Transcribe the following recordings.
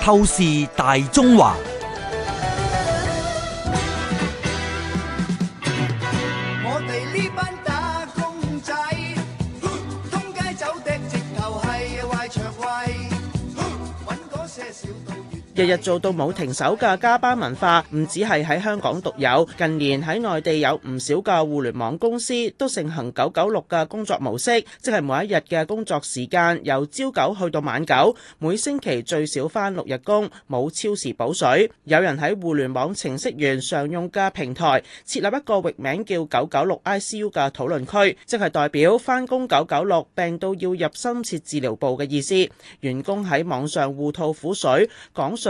透視大中華。日日做到冇停手嘅加班文化，唔只係喺香港獨有。近年喺內地有唔少嘅互聯網公司都盛行九九六嘅工作模式，即係每一日嘅工作時間由朝九去到晚九，每星期最少翻六日工，冇超時補水。有人喺互聯網程式員常用嘅平台設立一個域名叫九九六 ICU 嘅討論區，即係代表翻工九九六病到要入深切治療部嘅意思。員工喺網上互吐苦水，講述。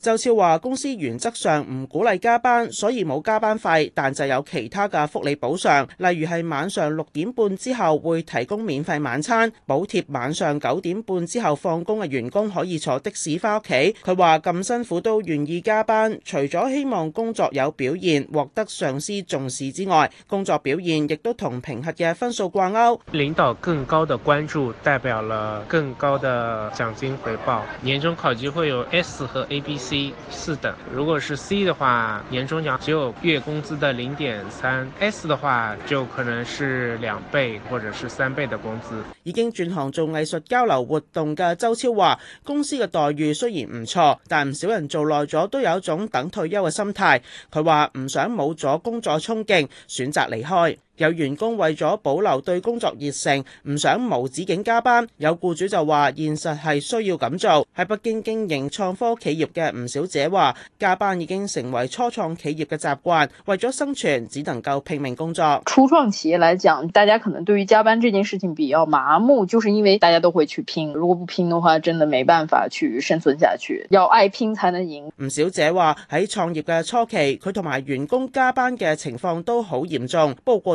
就超話公司原則上唔鼓勵加班，所以冇加班費，但就有其他嘅福利補償，例如係晚上六點半之後會提供免費晚餐，補貼晚上九點半之後放工嘅員工可以坐的士翻屋企。佢話咁辛苦都願意加班，除咗希望工作有表現，獲得上司重視之外，工作表現亦都同評核嘅分數掛鈎。領導更高的關注代表了更高的獎金回報，年終考級會有 S 和。A、B、C 四等，如果是 C 的話，年終獎只有月工資的零點三；S 的話就可能是兩倍或者是三倍的工資。已經轉行做藝術交流活動嘅周超話，公司嘅待遇雖然唔錯，但唔少人做耐咗都有一種等退休嘅心態。佢話唔想冇咗工作衝勁，選擇離開。有員工為咗保留對工作熱誠，唔想無止境加班。有僱主就話：現實係需要咁做。喺北京經營創科企業嘅吳小姐話：加班已經成為初創企業嘅習慣，為咗生存，只能夠拼命工作。初創企業嚟講，大家可能對於加班呢件事情比較麻木，就是因為大家都會去拼。如果不拼嘅話，真的沒辦法去生存下去。要愛拼才能贏。吳小姐話：喺創業嘅初期，佢同埋員工加班嘅情況都好嚴重，不過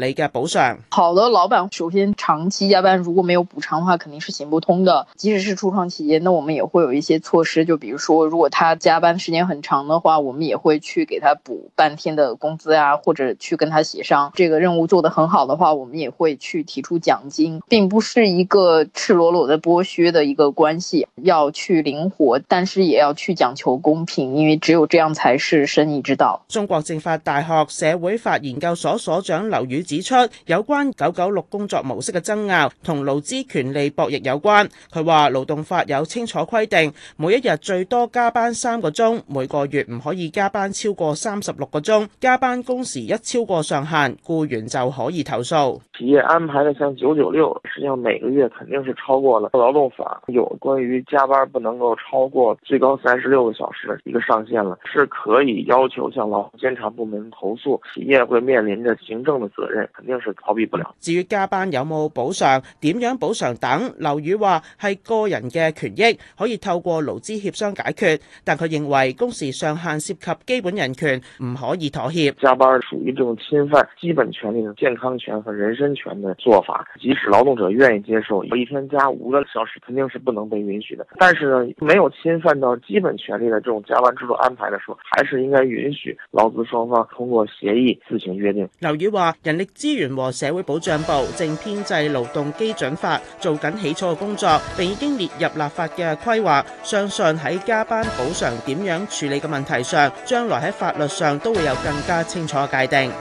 你嘅補償，好的老闆，首先長期加班，如果沒有補償的話，肯定是行不通的。即使是初創企業，那我們也會有一些措施，就比如說如果他加班時間很長的話，我們也會去給他補半天的工資啊，或者去跟他協商。這個任務做得很好的話，我們也會去提出獎金，並不是一個赤裸裸的剝削的一個關係，要去靈活，但是也要去講求公平，因為只有這樣才是生意之道。中國政法大學社會法研究所所，所長劉宇。指出有關九九六工作模式嘅爭拗同勞資權利博弈有關。佢話勞動法有清楚規定，每一日最多加班三個鐘，每個月唔可以加班超過三十六個鐘。加班工時一超過上限，僱員就可以投訴。企業安排的像九九六，實際上每個月肯定是超過了勞動法有關於加班不能夠超過最高三十六個小時一個上限了，是可以要求向勞動監察部門投訴，企業會面臨着行政嘅責任。肯定是逃避不了。至於加班有冇補償、點樣補償等，劉宇話係個人嘅權益，可以透過勞資協商解決。但佢認為工時上限涉及基本人權，唔可以妥協。加班屬於這種侵犯基本權利、健康權和人身權的做法。即使勞動者願意接受，一天加五個小時，肯定是不能被允許的。但是呢，沒有侵犯到基本權利嘅這種加班制度安排的時候，還是應該允許勞資雙方通過協議自行約定。劉宇話人力資源和社會保障部正編制勞動基準法，做緊起草嘅工作，並已經列入立法嘅規劃。相信喺加班補償點樣處理嘅問題上，將來喺法律上都會有更加清楚嘅界定。